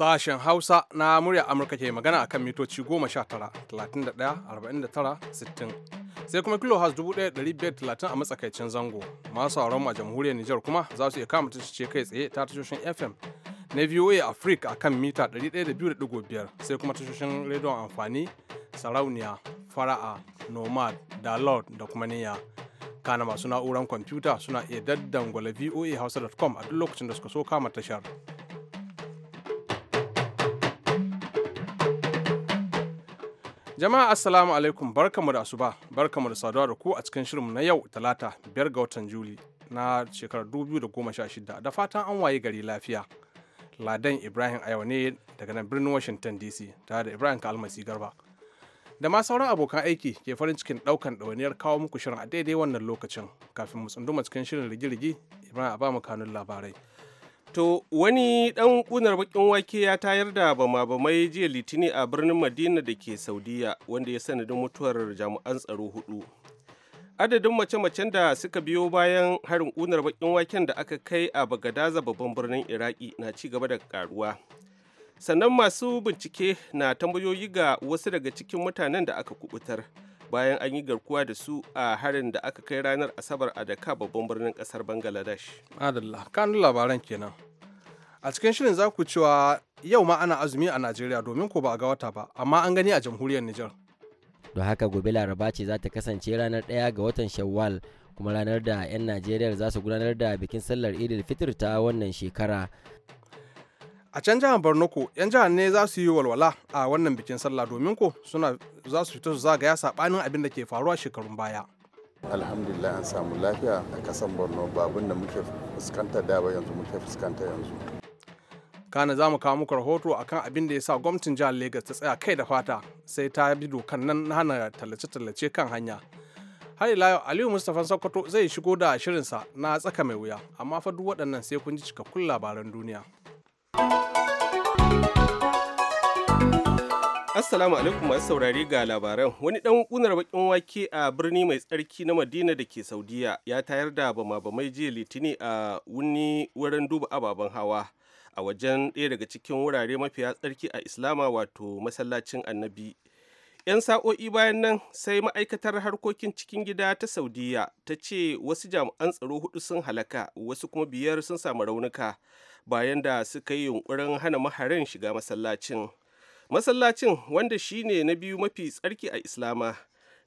Sashen Hausa na murya Amurka ke magana a kan mitoci 19, 31, 49, 60. Sai kuma kilohaz 1530 a matsakaicin zango. Masu sauran a jamhuriyar Nijar kuma za su iya kama ce kai tsaye ta tashoshin FM na VOA Africa a kan mita 102.5 sai kuma tashoshin rediyon amfani sarauniya fara'a nomad da lord da kuma niyya kana masu na'uran kwamfuta suna iya daddangwala voa hausa.com a duk lokacin da suka so kama tashar. Jama'a Assalamu alaikum barkamu da asuba barkamu da saduwa da ku a cikin shirinmu na yau talata biyar ga watan Juli na shekarar 2016 da goma sha da fatan an waye gari lafiya. Ladan Ibrahim Ayawa ne daga nan birnin Washington DC tare da Ibrahim Kalmasi Garba. Da ma sauran abokan aiki ke farin cikin daukan ɗawainiyar kawo muku shirin a daidai wannan lokacin kafin mu tsunduma cikin shirin rigirigi Ibrahim a ba mu kanun labarai. To wani ɗan ƙunar baƙin wake ya tayar da bama-bamai jiya litini a birnin Madina da ke Saudiya wanda ya sanadin mutuwar jami'an tsaro hudu. Adadin mace-macen da suka biyo bayan harin ƙunar baƙin waken da aka kai a Bagadaza babban birnin Iraki na ci gaba da ƙaruwa. Sannan masu bincike na tambayoyi ga wasu daga cikin mutanen da aka kubutar. bayan an yi garkuwa da su a harin da aka kai ranar asabar a daka babban birnin kasar bangladesh adalla kanun labaran kenan a cikin shirin za ku cewa yau ma ana azumi a najeriya domin ko ba a ga wata ba amma an gani a jamhuriyar nijar don haka gobe laraba ce za ta kasance ranar ɗaya ga watan shawwal kuma ranar da 'yan najeriya za su gudanar da bikin sallar idil fitr ta wannan shekara a can jihar borno ko yan jihar ne za su yi walwala a wannan bikin sallah domin ko suna za su fito su zagaya sabanin abin da ke faruwa shekarun baya alhamdulillah an samu lafiya a kasan borno babun da muke fuskanta da ba yanzu muke fuskanta yanzu kana za mu kawo muku rahoto akan abin da ya sa gwamnatin jihar legas ta tsaya kai da fata sai ta bi dokan nan na hana tallace-tallace kan hanya har ila yau aliyu mustapha sokoto zai shigo da shirinsa na tsaka mai wuya amma fa duk waɗannan sai kun ji cikakkun labaran duniya. thank you Assalamu alaikum masu saurari ga labaran. Wani dan kunar bakin wake a birni mai tsarki na Madina da ke Saudiya ya tayar da bama-bamai jiya Litini a wuni wurin duba ababen hawa a wajen ɗaya daga cikin wurare mafiya tsarki a Islama wato masallacin Annabi. 'Yan sa'o'i bayan nan sai ma'aikatar harkokin cikin gida ta Saudiya ta ce wasu jami'an tsaro hudu sun halaka wasu kuma biyar sun samu raunuka bayan da suka yi yunkurin hana maharin shiga masallacin. masallacin wanda shine na biyu mafi tsarki a islama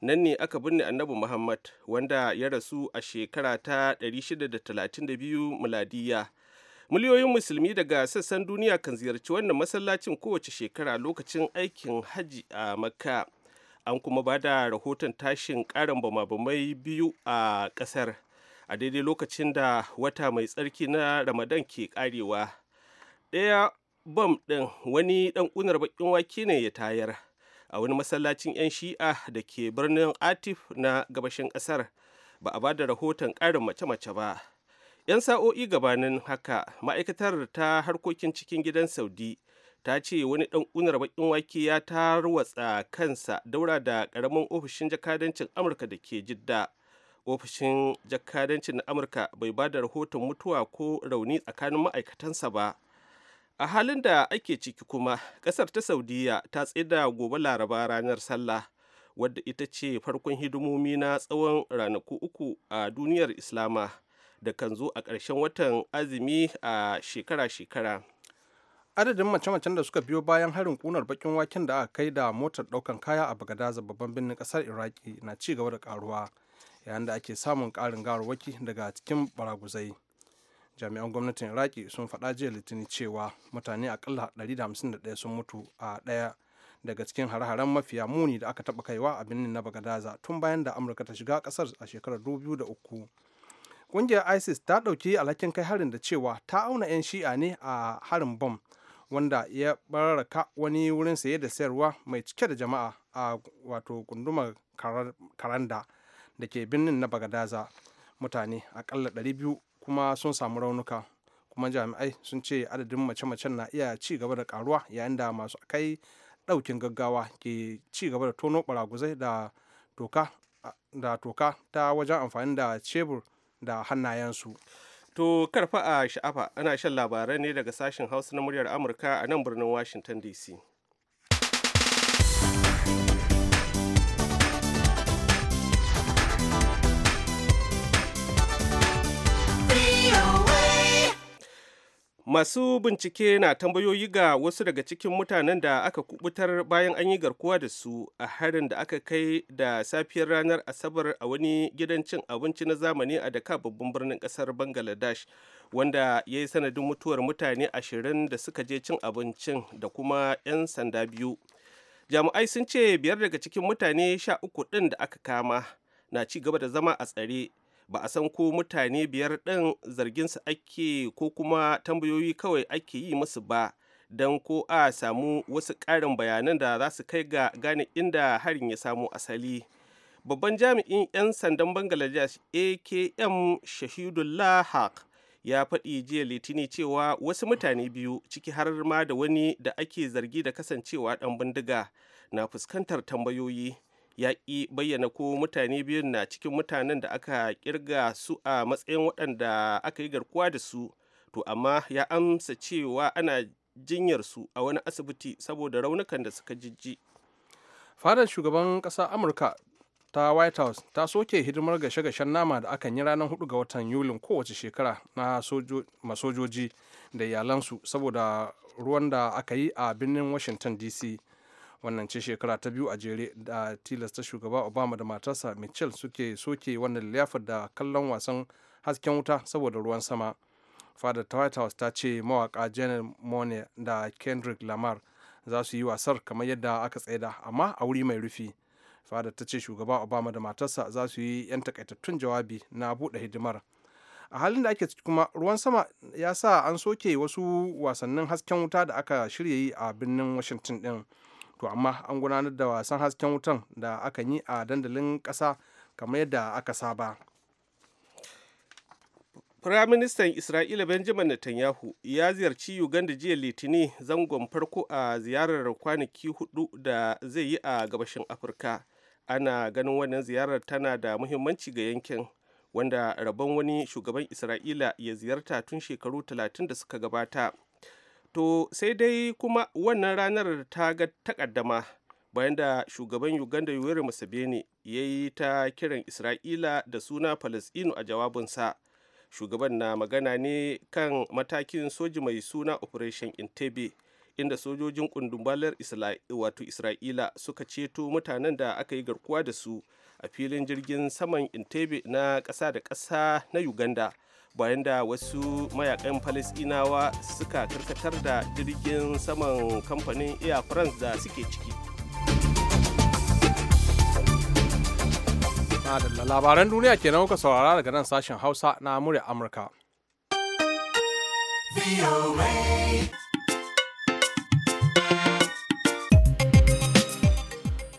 nan ne aka binne annabi muhammad wanda ya rasu a shekara ta 632 miladiya miliyoyin musulmi daga sassan duniya kan ziyarci wannan masallacin kowace shekara lokacin aikin hajji a makka an kuma ba da rahoton tashin karin bamabamai biyu a kasar a daidai lokacin da wata mai tsarki na ramadan ke karewa ɗaya bam ɗin wani ɗan ƙunar baƙin wake ne ya tayar a wani masallacin 'yan shi'a da ke birnin atif na gabashin ƙasar ba a ba da rahoton ƙarin mace-mace ba 'yan sa'o'i gabanin haka ma'aikatar ta harkokin cikin gidan saudi ta ce wani ɗan ƙunar baƙin wake ya tarwatsa kansa daura da ƙaramin ofishin jakadancin amurka da ke jidda ofishin jakadancin amurka bai ba da rahoton mutuwa ko rauni tsakanin ma'aikatansa ba a halin da ake ciki kuma kasar ta saudiya ta tsida gobe laraba ranar sallah wadda ita ce farkon hidimomi na tsawon ranaku uku a duniyar islama da kan zo a ƙarshen watan azumi a shekara-shekara adadin mace-macen da suka biyo bayan harin kunar bakin waken da aka kai da motar daukan kaya a bagadaza babban birnin kasar iraki na ci gaba da karuwa yayin da ake samun karin garwaki daga cikin baraguzai jami'an gwamnatin iraki sun faɗa jiya litinin cewa mutane akalla 151 sun mutu a ɗaya daga cikin hare-haren mafiya muni da aka taɓa kaiwa a birnin na bagadaza tun bayan da amurka ta shiga ƙasar a shekarar 2003 ƙungiyar isis ta ɗauki alhakin kai harin da cewa ta auna 'yan shi'a ne a harin bom wanda ya bararraka wani wurin saye da sayarwa mai cike da jama'a a wato gundumar karanda da ke birnin na bagadaza mutane akalla 200 kuma sun samu raunuka kuma jami'ai sun ce adadin mace-macen na iya ci gaba da karuwa yayin da masu kai daukin gaggawa ke ci gaba da tono baraguzai da toka da toka ta wajen amfani da cebur da hannayensu to karfa a sha'afa ana shan labarai ne daga sashen hausa na muryar amurka a nan birnin washington dc masu bincike na tambayoyi ga wasu daga cikin mutanen da aka kubutar bayan an yi garkuwa da su a harin da aka kai da safiyar ranar asabar a wani gidan cin abinci na zamani a daka babban birnin kasar Bangaladesh, wanda ya yi sanadin mutuwar mutane ashirin da suka je cin abincin da kuma 'yan sanda biyu jami'ai sun ce biyar daga cikin mutane sha uku ɗin da aka kama na ci gaba da zama a tsare ba a san ko mutane biyar ɗin zarginsu ake ko kuma tambayoyi kawai ake yi musu ba don ko a samu wasu ƙarin bayanan da za su kai ga gane inda harin ya samu asali babban jami'in 'yan sandan bangladesh akm shahidullah haq ya faɗi jiya litini cewa wasu mutane biyu ciki har ma da wani da ake zargi da kasancewa ɗan bindiga na fuskantar tambayoyi ya ƙi bayyana ko mutane biyun na cikin mutanen da aka kirga su a matsayin waɗanda aka yi garkuwa da su to amma ya amsa cewa ana jinyar su a wani asibiti saboda raunukan da suka jijji fadar shugaban ƙasar amurka ta white house ta soke hidimar gashe-gashen nama da aka yi ranar hudu ga watan yulin kowace shekara na masojoji da iyalansu saboda ruwan da aka yi a birnin washington dc wannan ce shekara ta biyu a jere da tilasta shugaba obama da matarsa mitchell suke soke wannan liyafar da kallon wasan hasken wuta saboda ruwan sama fadar ta white house ta ce mawaka janet mone da kendrick lamar za su yi wasar kamar yadda aka tsaida amma a wuri mai rufi fadar ta ce shugaba obama da matarsa za su yi 'yan takaitattun jawabi na buɗe hidimar a halin da ake kuma ruwan sama ya sa an soke wasu wasannin hasken wuta da aka shirya yi a birnin washington din to amma an gudanar da wasan hasken wutan da aka yi a dandalin ƙasa kamar yadda aka saba Firaministan Isra'ila Benjamin Netanyahu ya ziyarci Uganda jiya Litini zangon farko a ziyarar kwanaki hudu da zai yi a gabashin Afirka. Ana ganin wannan ziyarar tana da muhimmanci ga yankin wanda rabon wani shugaban Isra'ila ya ziyarta tun shekaru talatin da suka gabata. to sai dai kuma wannan ranar ta ga takaddama bayan da shugaban uganda yoweri museveni ya yi ta kiran isra'ila da suna palestino a jawabinsa shugaban na magana ne kan matakin soji mai suna operation intebe inda sojojin kundumbalar wato isra'ila suka ceto mutanen da aka yi garkuwa da su a filin jirgin saman intebe na ƙasa da ƙasa na uganda bayan da wasu mayakan Falasɗinawa suka karkatar da jirgin saman kamfanin Air France da suke ciki. Adalla labaran duniya kenan kuka saurara daga nan sashen Hausa na murya Amurka.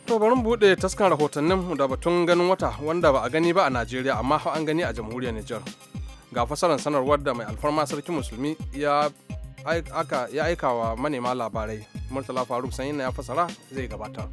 To bari buɗe taskan rahotanninmu da batun ganin wata wanda ba a gani ba a Najeriya amma an gani a jamhuriyar Nijar. ga fasarar sanarwar da mai alfarma sarki musulmi ya aika wa manema labarai murtala faruk sanyin ya fasara zai gabatar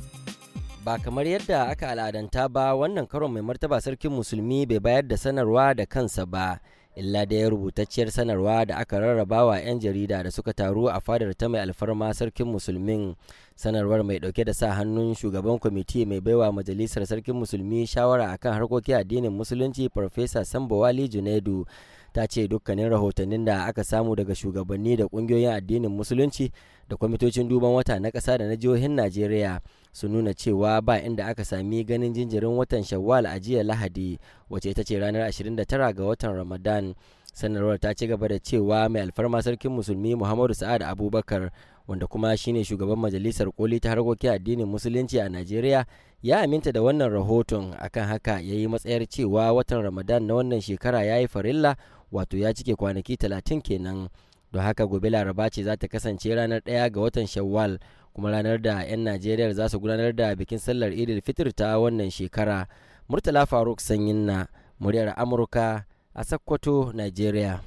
ba kamar yadda aka al'adanta ba wannan karon mai martaba sarkin musulmi bai bayar da sanarwa da kansa ba illa da ya rubutacciyar sanarwa da aka rarraba wa 'yan jarida da suka taru a fadar ta mai alfarma sarkin musulmin sanarwar mai dauke da sa hannun shugaban kwamiti mai baiwa majalisar sarkin musulmi shawara akan harkokin addinin musulunci farfesa sambawali junaidu ta ce dukkanin rahotannin da aka samu daga shugabanni da ƙungiyoyin addinin musulunci da kwamitocin duban wata na kasa da na jihohin najeriya su nuna cewa ba inda aka sami ganin jinjirin watan shawwal a jiya lahadi wace ita ce ranar 29 ga watan ramadan sanarwar ta ci gaba da cewa mai alfarma sarkin musulmi muhammadu sa'ad abubakar wanda kuma shine shugaban majalisar koli ta harkokin addinin musulunci a najeriya ya aminta da wannan rahoton akan haka ya yi matsayar cewa watan ramadan na wannan shekara ya yi farilla wato ya cike kwanaki 30 kenan don haka gobe laraba ce za ta kasance ranar ɗaya ga watan shawwal kuma ranar da 'yan najeriya za su gudanar da bikin sallar idil fitr ta wannan shekara murtala faruk sanyin na muryar amurka a sakkwato najeriya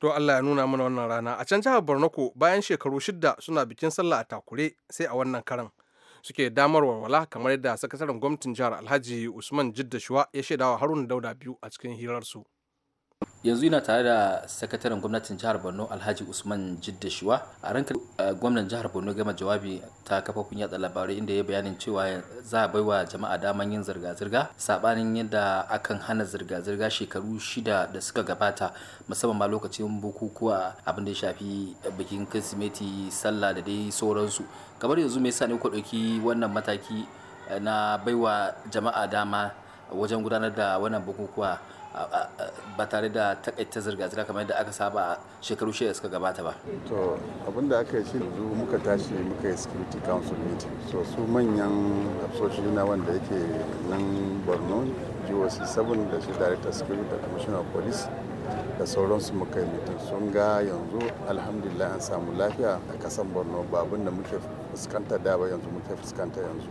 to allah ya nuna mana wannan rana a can jihar borno ko bayan shekaru shida suna bikin sallah a takure sai a wannan karan suke damar walwala kamar yadda sakataren gwamnatin jihar alhaji usman jidda shuwa ya shaidawa haruna dauda biyu a cikin hirarsu. su yanzu yana tare da sakataren gwamnatin jihar borno alhaji usman shuwa a ranka gwamnan jihar borno gama jawabi ta kafofin yatsa labarai inda ya bayanin cewa za a baiwa jama'a daman yin zirga-zirga saɓanin yadda akan hana zirga-zirga shekaru shida da suka gabata musamman ma lokacin bukukuwa abin da ya shafi bikin kirsimeti sallah da dai sauransu kamar yanzu me yasa ne ku ɗauki wannan mataki eh, na baiwa jama'a dama wajen gudanar da wannan bukukuwa ba tare da takaita zirga-zirga kamar yadda aka saba a shekaru shida suka gabata ba. To abinda aka yi shi yanzu muka tashi muka yi security council meeting so su manyan hafsoshi na wanda yake nan Borno GOC 7 da shi director security da commissioner of police da sauransu muka yi meeting sun ga yanzu alhamdulillah an samu lafiya a kasan Borno ba abin da muke fuskanta da ba yanzu muke fuskanta yanzu.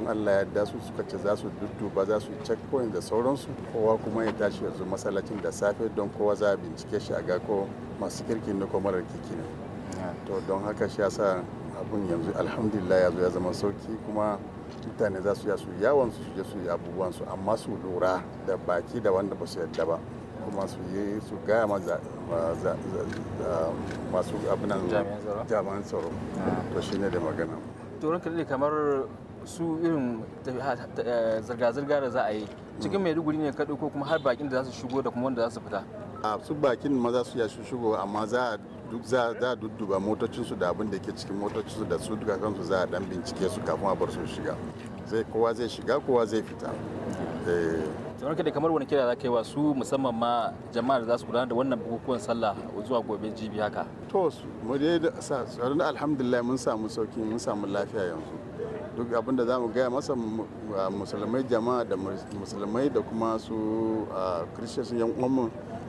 in allah yadda su suka ce za su dudduba za su checkpoint da sauransu kowa kuma ya tashi yanzu masallacin da safe don kowa za a bincike shi a ga ko masu kirki na ko marar kirki ne to don haka shi yasa abun yanzu alhamdulillah ya ya zama sauki kuma mutane za su su yawon su je su yi abubuwan su amma su lura da baki da wanda ba su yadda ba kuma su yi su gaya ma masu abinan jami'an tsaro ah. to shine da magana turanka kamar su irin eh, zirga-zirga da za a yi cikin maiduguri ne kaɗai ko kuma har bakin da za su shigo da kuma wanda za su fita a su bakin ma za su yashi shigo amma za a dudduba motocinsu da abin da ke cikin motocinsu da su duka kansu za a dan bincike su kafin a bar su shiga zai kowa zai shiga kowa zai fita tsoron eh. da kamar wani kira za ka yi wa su musamman ma da za su gudanar da wannan bukukuwan sallah zuwa gobe jibi haka to mu dai tsoron alhamdulillah mun samu sauki mun samu lafiya yanzu duk abinda da za mu gaya masa ah, musulmai jama'a da musulmai da kuma su kristiyan ah, su uwanmu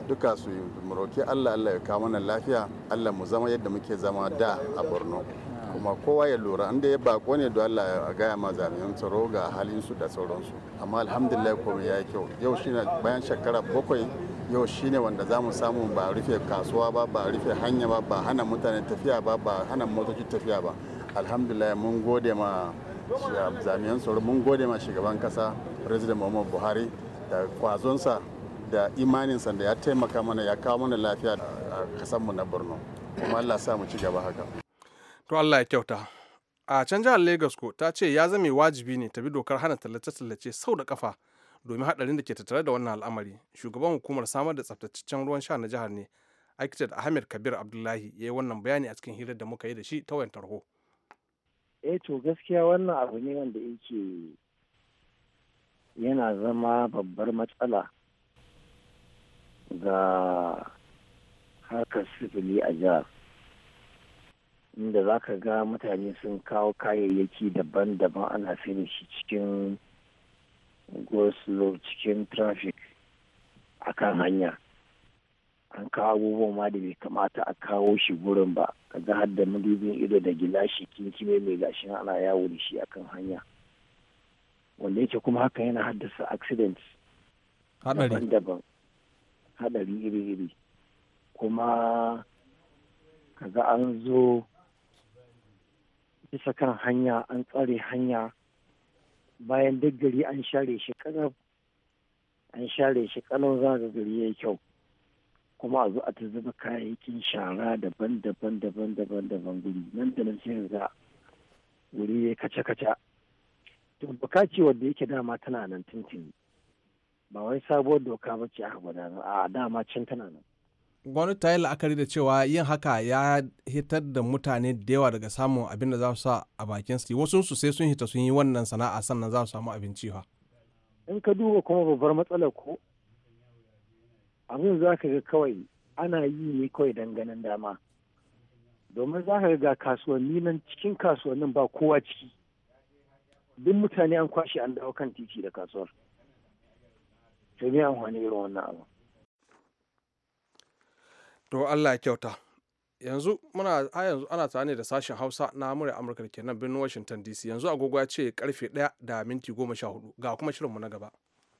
duka su mu roki allah allah ya kawo mana lafiya allah mu zama yadda muke zama da a borno kuma kowa ya lura inda ya bako ne da allah ya gaya ma zamiyan tsaro ga halinsu su da sauransu amma alhamdulillah kome ya yi kyau yau shine bayan shekara bakwai yau shine wanda za mu samu ba rufe kasuwa ba ba rufe hanya ba ba hana mutane tafiya ba ba hana motoci tafiya ba alhamdulillah mun gode ma jami'an mun gode ma shugaban kasa president muhammadu buhari da kwazonsa da imaninsa da ya taimaka mana ya kawo mana lafiya a kasanmu na borno kuma allah sa mu ci gaba haka to allah ya kyauta a can jihar lagos ko ta ce ya zame wajibi ne ta bi dokar hana tallace-tallace sau da kafa domin hadarin da ke tattare da wannan al'amari shugaban hukumar samar da tsaftataccen ruwan sha na jihar ne aikitar ahmed kabir abdullahi ya yi wannan bayani a cikin hirar da muka yi da shi ta wayan tarho eh to gaskiya wannan abu ne wanda yake yana zama babbar matsala ga harkar sifili a jihar inda za ka ga mutane sun kawo kayayyaki daban-daban ana da shi cikin go cikin traffic a kan hanya an kawo abubuwan ma da bai kamata a kawo shi gurin ba ka har da madubin ido da gilashi kinkime mai gashin ana yawo da shi akan hanya wanda yake kuma haka yana haddasa accident daban-daban hadari iri-iri kuma kaga an zo bisa kan hanya an tsare hanya bayan duk gari an share shi kanar an share shi kanar za ga gari yayi kyau kuma a zo a ta zuba kayayyakin shara daban-daban daban-daban daban guri nan da nan sai ga wuri ya kaca-kaca to bukaci wanda yake dama tana nan tuntuni ba wai sabuwar doka ba ce aka gudanar a dama can tana nan gwamnati ta yi la'akari da cewa yin haka ya hitar da mutane da yawa daga samun abin da za su sa a bakin su wasu su sai sun hita sun yi wannan sana'a sannan za su samu abinci fa in ka duba kuma babbar matsalar ko abin za ka ga kawai ana yi ne kawai danganin dama domin za ka ga kasuwanni nan cikin kasuwannin ba kowa ciki duk mutane an kwashe an dawo kan titi da kasuwar to me amfani irin wannan abu to Allah kyauta yanzu muna yanzu ana tare da sashen Hausa na murya Amurka da kenan birnin Washington DC yanzu agogo ya ce karfe 1 da minti goma sha hudu ga kuma shirinmu na gaba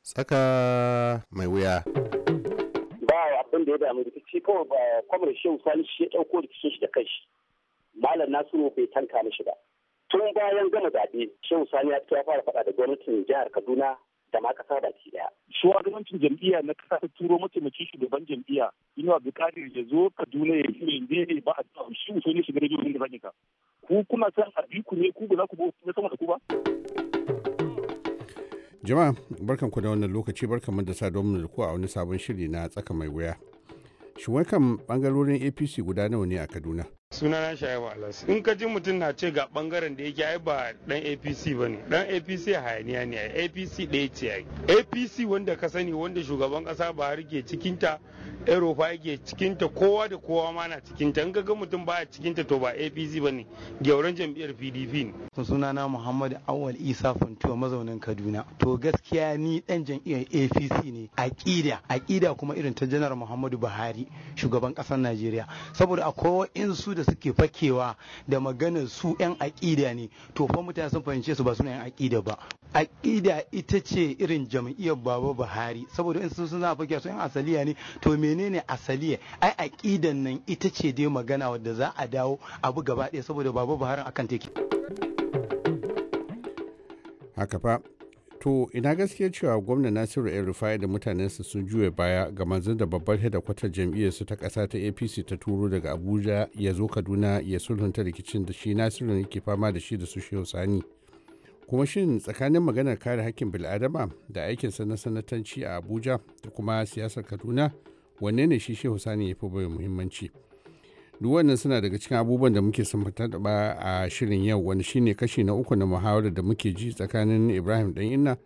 tsaka mai wuya abin da ya damu da ce kawai ba kwamar shehu salisu shi ya ɗauko da shi da kanshi malam nasiru bai tanka mishi ba tun bayan gama zaɓe shehu sani ya fito fara faɗa da gwamnatin jihar kaduna da ma kasa baki daya. Shugabancin jam'iyya na kasa ta turo mataimakin shugaban jam'iyya Inuwa Bukari ya zo Kaduna ya yi ne ba a tsawon shi so ne shiga rediyo da zaki ka. Ku kuna san a ku ne ku ba za ku na sama da ku ba. Jama'a barkan ku da wannan lokaci barkan mu da sa domin ku a wani sabon shiri na tsaka mai wuya. shi kam bangarorin apc guda nawa ne a kaduna sunana shaibu alas in ka ji mutum na ce ga bangaren da yake ai ba dan apc ba ne dan apc hayaniya ne ai apc ɗaya ce ai apc wanda ka sani wanda shugaban kasa ba har ke cikinta europa yake cikinta kowa da kowa ma na cikinta in ka ga mutum ba a cikinta to ba apc ba ne gyauran jam'iyyar pdp ne sunana muhammad awal isa Funtua mazaunin kaduna to gaskiya ni dan jam'iyyar apc ne A aƙida kuma irin ta janar muhammadu buhari shugaban ƙasar najeriya saboda akwai su da suke fakewa da maganar su 'yan aƙida ne to fa mutane sun fahimce su ba suna 'yan aƙida ba aƙida ita ce irin jam'iyyar baba buhari saboda in sun suna fakewa su 'yan asaliya ne to menene asaliya ai aƙidan nan ita ce dai magana wadda za a dawo abu gaba ɗaya saboda baba buhari akan take haka fa To ina gaskiya cewa gwamnan Nasiru El Rufai da mutanensa sun juya baya ga manzon da babbar hedakwatar su ta kasa ta APC ta turo daga Abuja ya zo Kaduna ya sulhunta rikicin da shi Nasiru ne ke fama da shi da su Shehu Sani. Kuma shin tsakanin maganar kare hakkin bil'adama da aikinsa na sanatanci a Abuja da kuma siyasar Kaduna wanne ne shi Shehu Sani ya fi bai muhimmanci? duk wannan suna daga cikin abubuwan da muke son taɓa a shirin yau wani shine kashi na uku na muhawarar da muke ji tsakanin ibrahim dan inna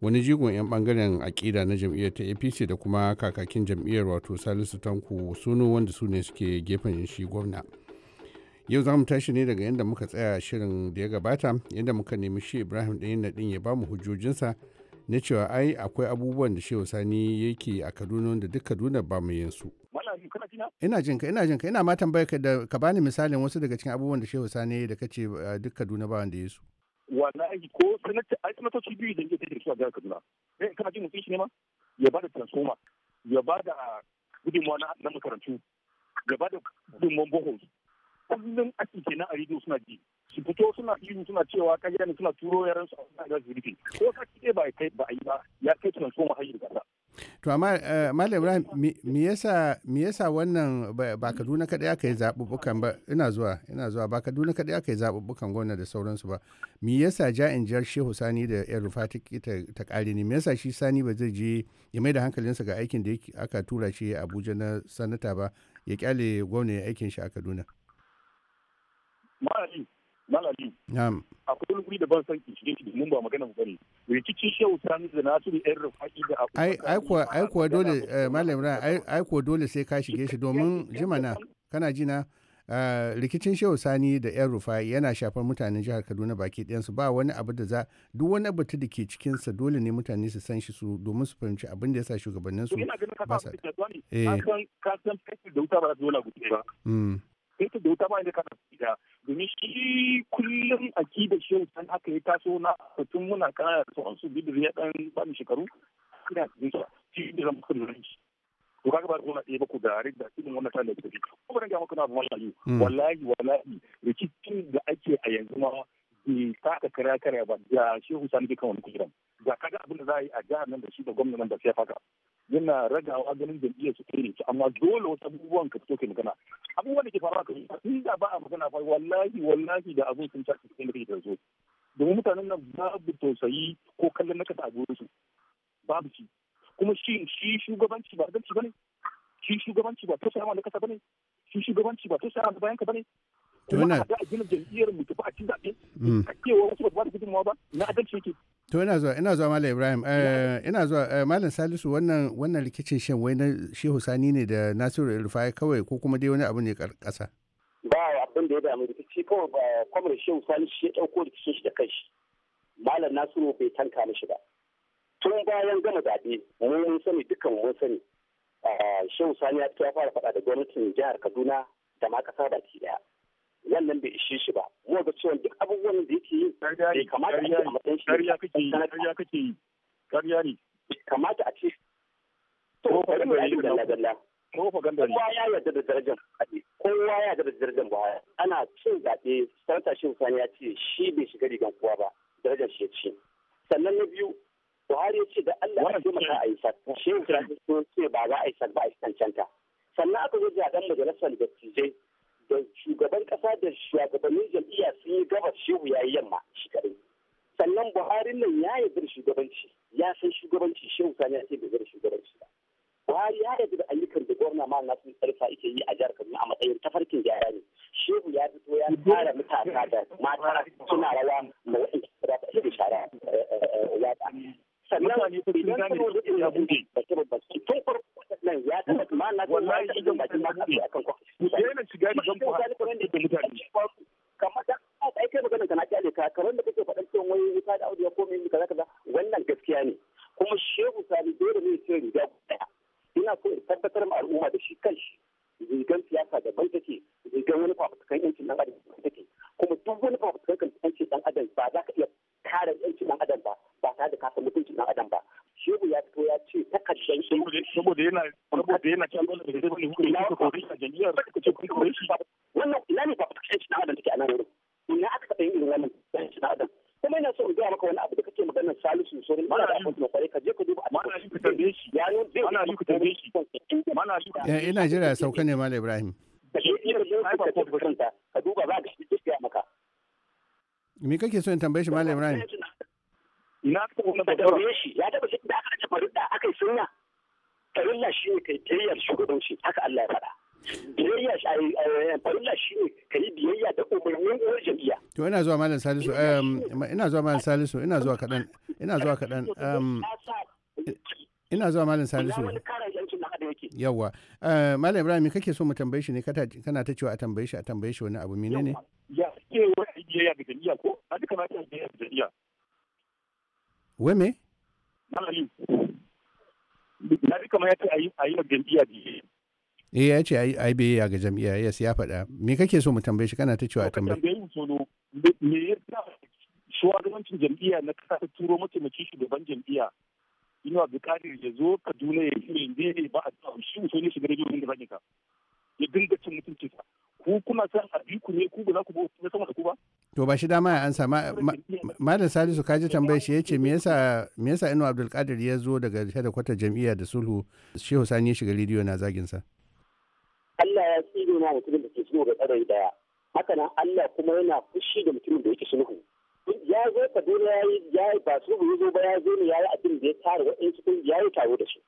wani jigon 'yan bangaren aƙida na jam'iyyar ta apc da kuma kakakin jam'iyyar wato salisu tanku suno wanda su ne suke gefen shi gwamna yau za mu tashi ne daga yadda muka tsaya shirin da ya gabata yadda muka nemi shi ibrahim dan inna din ya ba mu hujjojinsa na cewa ai akwai abubuwan da shehu sani yake a kaduna da duk kaduna ba mu yin su ina jin ka ina jin ka ina ma tambayar ka da ka bani misalin wasu daga cikin abubuwan da Shehu Sani da kace eh, duk Kaduna ba wanda yesu su wallahi ko sanata ai sanatoci biyu da yake da su a jihar Kaduna eh kana jin mu shi ne ma ya bada transformer ya bada gudunmawa na na makarantu ya bada gudunmawan bohol kullum ake kenan a rediyo suna ji su fito suna ihu suna cewa kariya ne suna turo yaran su a wajen da ko sati ɗaya ba a yi ba ya kai transformer har yi gasa To amma eh, Malam Ibrahim me yasa me yasa wannan ba Kaduna kadai aka yi zaɓuɓɓukan ba ina zuwa ina zuwa ba Kaduna kadai aka yi zaɓuɓɓukan gwamna da sauransu ba me yasa ja'in jar Shehu Sani da Yar Rufati ta ƙare ne me yasa shi Sani ba zai je ya mai da hankalinsa ga aikin da aka tura shi Abuja na sanata ba ya kyale gwamna ya aikin shi a Kaduna. na malami akwai wani guri da ban san shige shi domin ba magana ba ne rikicin shehu sani da nasiru yan rufa'i da abu ai kuwa dole eh, malam ran ai kuwa dole sai ka shige shi domin jimana kana jina eh, rikicin shehu sani da yan rufa'i yana shafar mutanen jihar kaduna baki ɗayansu ba wani abu da za duk wani abu da ke cikinsa dole ne mutane su san shi su domin su fahimci abin da ya sa shugabanninsu ba sa da. Eh. Ka san da wuta ba za ta zo na ba. Mm. sai ta dauta ba inda ka da domin shi kullum a ki da shi san haka ya taso na tun muna kana da su bidir ya dan bani shekaru ina da zuciya shi da zan kullum shi to kaga ba zuwa ɗaya ba ku da da cikin wannan tana da tafi ko ban ga maka na abu wallahi mm. wallahi wallahi rikicin da ake a yanzu ma bai taka kira kare ba shi shehu sani dukan wani kujeran ga kaga abin da za a yi a jihar nan da shi da gwamnan da sai faka yana ragawa ganin jam'iyyar su kare su amma dole wasu abubuwan ka fito kai magana abubuwan da ke faruwa kai in da ba a magana fa wallahi wallahi da abin sun tsaka cikin da kake da su domin mutanen nan babu tausayi ko kallon na kasa a gurin su babu shi kuma shi shi shugabanci ba adalci bane shi shugabanci ba tausaya ma na kasa bane shi shugabanci ba tausaya ma bayan ka bane to yana da gina jam'iyyar mu tafi a ci zaɓe mm. a wasu ba da gudunmawa ba na adalci yake to ina zuwa ina zuwa malam ibrahim eh, ina zuwa eh, malam salisu wannan wannan rikicin shan wai na shehu sani ne da nasiru rufai kawai ko kuma dai wani abu ne ƙasa ba abin da ya damu rikici kawai ba kwamar shehu sani shi ya ɗauko rikicin shi da kanshi malam nasiru bai tanka mishi ba tun bayan gama zaɓe mu mun sani dukkan mun sani eh, shehu sani ya fara faɗa da gwamnatin jihar kaduna da ma ƙasa baki ɗaya Yan nan bai ishe shi ba mu ga cewa duk abubuwan da yake yi bai kamata a ce a matsayin shi ƙarya kake yi kake yi ƙarya ne kamata a ce to bari mu yi dalla dalla kowa ya yarda da darajar hadi kowa ya yarda da darajar baya ana cin zaɓe sarta shin sani ya ce shi bai shiga rigan kowa ba darajar shi ya ci sannan na biyu Buhari ya ce da Allah a taimaka a yi sat shi ya ce ba za a yi sat ba a yi cancanta sannan aka zo jaɗan majalisar dattijai da shugaban kasa da shugabannin jam'iyya sun yi gabas shehu ya yi yamma shi sannan buhari nan ya yi da shugabanci ya san shugabanci shehu sani ya ce bai zira shugabanci ba buhari ya yi da ayyukan da gwamna ma na sun tsarfa ake yi a jihar kaduna a matsayin tafarkin gyara ne shehu ya fito ya tsara a da mata suna rawa ma waɗanda ba ta shara eh, eh, eh, wata mutane ba sun gane su ya buɗe. Tun farko nan ya taɓa ma na ta ma ta a kan kwa. da mutane. Kamar kana kyale ka kamar da kake ina ya sauka ne Malam Ibrahim. Ka duba ba ka shi maka. Me kake so in tambaye shi Malam Ibrahim? Na kuma tambaye shi ya taba shi da aka ci farida aka yi sunna. Farilla shi ne kai tayyar shugabanci haka Allah ya faɗa. Biyayya shi ai farilla shi ne kai biyayya da umarnin uwar jam'iyya. To ina zuwa Malam Salisu um, ina zuwa Malam Salisu ina zuwa kaɗan ina zuwa kaɗan ina um, zuwa Malam Salisu. yawa eh, malam ibrahim kake so mu tambaye shi ne kana ta cewa a tambaye shi a tambaye shi wani abu menene ya ke wani biyayya ga jami'a ko a duka ma ta biyayya ga jami'a wai me malami na duka ma ya ce a yi wa jami'a biyayya eh ya ce a yi biyayya ga jami'a yes ya faɗa me kake so mu tambaye shi kana ta cewa a tambaye shi. me ya sa shugabancin jam'iyya na kasa ta turo mataimakin shugaban jami'a. yana buƙatar ya zo kaduna ya yi ne ba a shi ne shiga rediyo da zaki ka ya dinga cin mutunci sa ku kuna san a ku ne ku ba za ku bo na sama da ku ba to ba shi dama ya ansa malam salisu kaje tambayar shi yace me yasa me yasa abdul kadir ya zo daga da kwata jam'iyya da sulhu shi Sani ya shiga rediyo na zagin sa Allah ya tsiro na mutumin da ke sulhu ga tsarin daya haka nan Allah kuma yana fushi da mutumin da yake sulhu ya zo kaduna ya yi ya yi ba su zo ba ya zo ne ya yi abin da ya wa'in waɗansu kun ya yi taro da su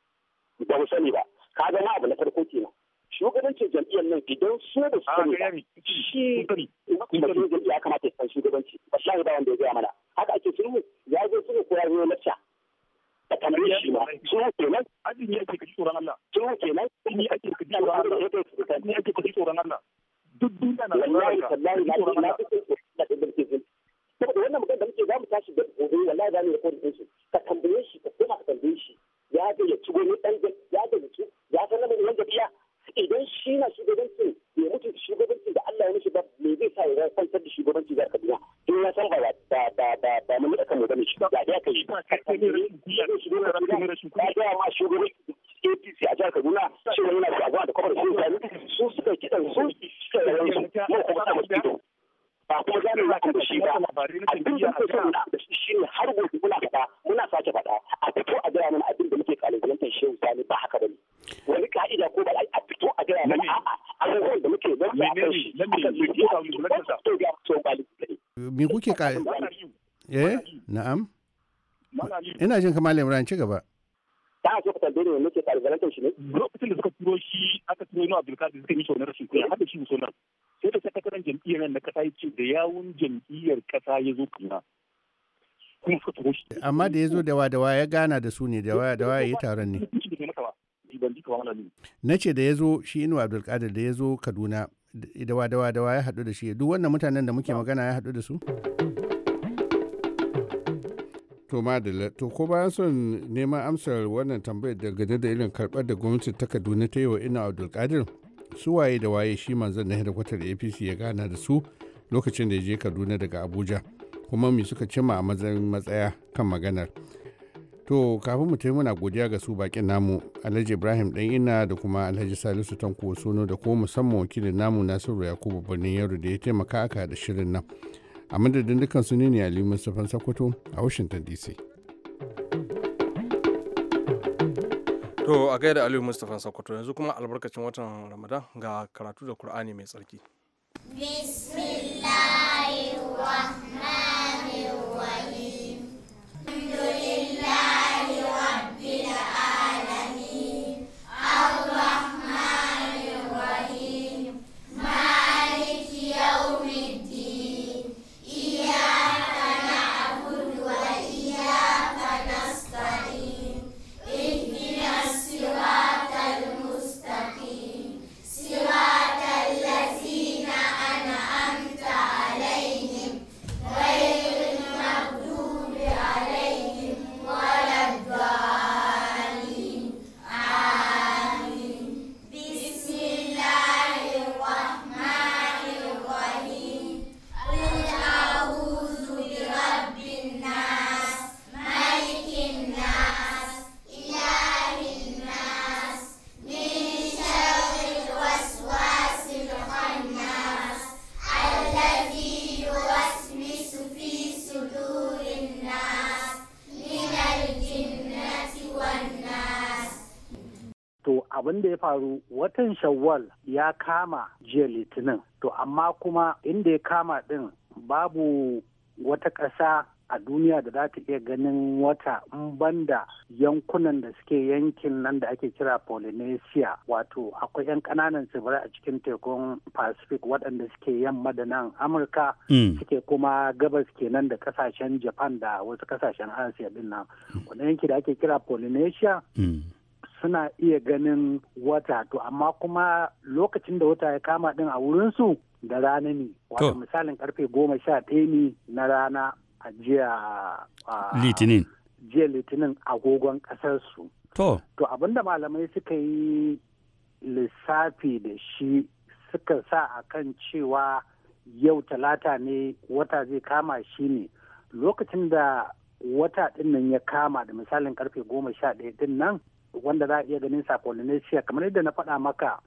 ba mu sani ba ka ga ma abu na farko kenan shugabancin jam'iyyar nan idan su ba su ah, sani ba shi shugabancin jam'iyya kamata ya san shugabanci ba shi ba wanda ya gaya mana haka ake sulhu ya zo sulhu ko ya zo ta da kamar shi ma sulhu kenan ajin ya ke kaji tsoron Allah sulhu kenan ni ake kaji tsoron Allah ni ake kaji tsoron Allah duk duniya na wallahi wallahi na ji na ji ta saboda wannan magana da muke za mu tashi da gobe wallahi za mu yi kodin su ka tambaye shi ka koma ka tambaye shi ya ga ya ci wani dan ya ga ya ci ya san na wanda biya idan shi na shugabancin ya mutu shugabancin da Allah ya mishi ba me zai sa ya kwantar da shugabanci da biya in ya san ba ba ba ba ba mun da kan magana shi ba da kai ba ka ne rashin ba da ma shugabanci APC a jihar Kaduna shi ne yana da kuma da kuma su suka kidan su kuke ka eh na'am ina jin kamar imran ci gaba da a soka dole ne nake kalubalantar shi ne lokacin da suka turo shi aka turo abdul kadir suka yi shi wannan rashin kuya hada shi musulman sai da sakataren jam'iyyar nan na kasa ya ce da yawun jam'iyyar kasa ya zo kuma kuma suka turo shi amma da ya zo da wadawa ya gana da su ne da waya da waya taron ne na ce da ya zo shi inuwa abdulkadir da ya zo kaduna dawa dawa dawa ya haɗu da shi duk wannan mutanen da muke magana ya haɗu da su to madalla to ko bayan son neman amsar wannan tambayar da gane da irin karɓar da gwamnati ta kaduna ta yi wa ina abdulkadir su waye da waye shi manzan na hedikwatar apc ya gana da su lokacin da ya je kaduna daga abuja kuma me suka cima a matsaya kan maganar To kafin mu muna godiya ga su bakin namu Alhaji Ibrahim dan ina da kuma Alhaji Salisu Tanko Sono da kuma musamman wakilin namu Nasiru Yakubu Birnin Yaro da ya taimaka aka da shirin nan. A madadin dukkan su ne Ali Mustapha Sokoto a Washington DC. To a gaida Ali Mustapha Sokoto yanzu kuma albarkacin watan Ramadan ga karatu da Kur'ani mai tsarki. Bismillahirrahmanirrahim. abin da ya faru watan shawwal ya kama jiya litinin to amma kuma inda ya kama din babu wata ƙasa a duniya da za ta iya ganin wata in banda yankunan da suke yankin nan da ake kira polynesia wato akwai 'yan kananan tsibirai a cikin tekun pacific waɗanda suke yamma da nan amurka hmm. suke kuma gabas kenan da kasashen japan da wasu kasashen asiya din nan hmm. wani yanki da ake kira polynesia hmm. suna iya ganin wata to amma kuma lokacin da wata ya kama din a wurinsu da rana ne wato misalin karfe goma sha ɗaya ne na rana a jiya litinin jiya litinin agogon ƙasarsu to to abinda malamai suka yi lissafi da shi suka sa a kan cewa yau talata ne wata zai kama shi ne lokacin da wata ɗin nan ya kama da misalin karfe goma sha ɗaya din nan wanda za a iya ganin sa Polynesia kamar yadda na faɗa maka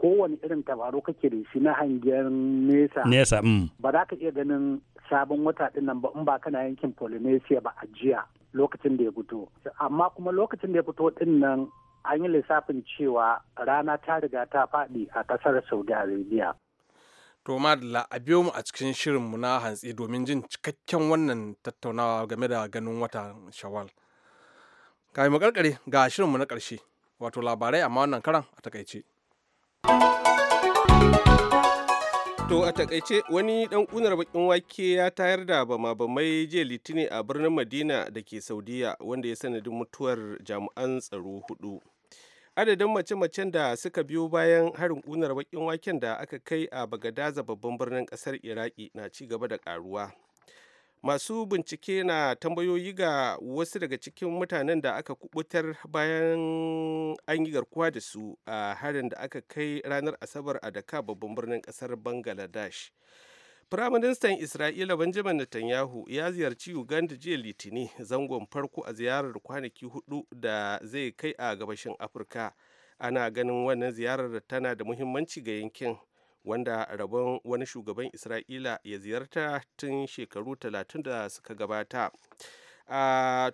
kowane irin tabaru kake da shi na hangen nesa. Nesa. Mm. Ba za ka iya ganin sabon wata ɗin nan ba in ba kana yankin Polynesia ba a jiya lokacin da ya fito. Amma kuma lokacin da ya fito ɗin an yi lissafin cewa rana ta riga ta faɗi a kasar Saudi Arabia. To Madalla a biyo mu a cikin shirinmu na hantsi domin jin cikakken wannan tattaunawa game da ganin watan Shawwal. kafin mu karkare ga shirinmu na karshe wato labarai amma wannan karan a takaice To a takaice wani dan kunar bakin wake ya tayar da bama-bamai jiya litini a birnin Madina da ke Saudiya wanda ya sanadin mutuwar jami'an tsaro hudu. Adadin mace-macen da suka biyo bayan harin kunar bakin waken da aka kai a Bagadaza babban birnin kasar Iraki na ci gaba da karuwa masu bincike na tambayoyi ga wasu daga cikin mutanen da aka kubutar bayan an yi garkuwa da su a harin da aka kai ranar asabar a daka babban birnin kasar bangladesh firaministan isra'ila benjamin netanyahu ya ziyarci uganda jiya litini zangon farko a ziyarar kwanaki hudu da zai kai a gabashin afirka ana ganin wannan ziyarar tana da muhimmanci ga yankin wanda rabon wani shugaban isra'ila ya ziyarta tun shekaru talatin da suka gabata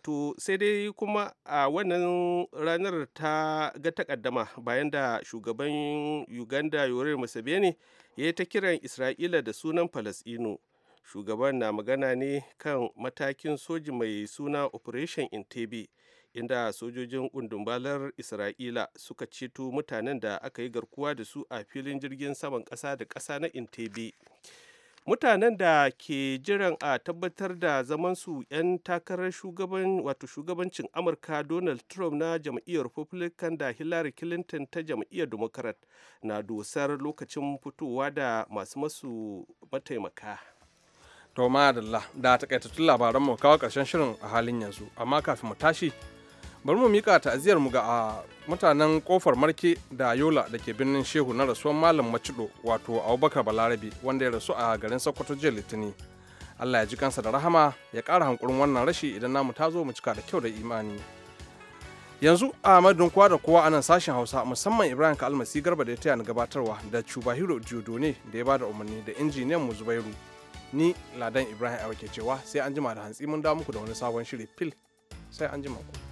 to sai dai kuma a wannan ranar ta ga takaddama bayan da shugaban uganda yoweri museveni ya yi ta kiran isra'ila da sunan palestino shugaban na magana ne kan matakin soji mai suna operation intebe. inda sojojin undumbalar isra'ila suka ceto mutanen da aka yi garkuwa da su a filin jirgin saman ƙasa da ƙasa na intebe mutanen da ke jiran a tabbatar da zaman su 'yan takarar shugaban wato shugabancin amurka donald trump na jam'iyyar republican da hillary clinton ta jam'iyyar democrat na dosar lokacin fitowa da masu masu mataimaka to da takaitattun labaran mu kawo karshen shirin a halin yanzu amma kafin mu tashi bari mu mika ta'aziyar mu ga a ah, mutanen kofar marke da yola da ke birnin shehu na rasuwar malam macido wato abubakar balarabi wanda ya rasu a garin sokoto jiya litini allah ya ji kansa da rahama ya kara hankurin wannan rashi idan namu ta zo mu cika da kyau da imani yanzu a madadin kowa da kowa a nan sashen hausa musamman ibrahim kalmasi garba da ya taya ni gabatarwa da cubahiro ne da ya bada umarni da injiniyan mu zubairu ni ladan ibrahim ke cewa sai an jima da hantsi mun da muku da wani sabon shiri fil sai an jima ku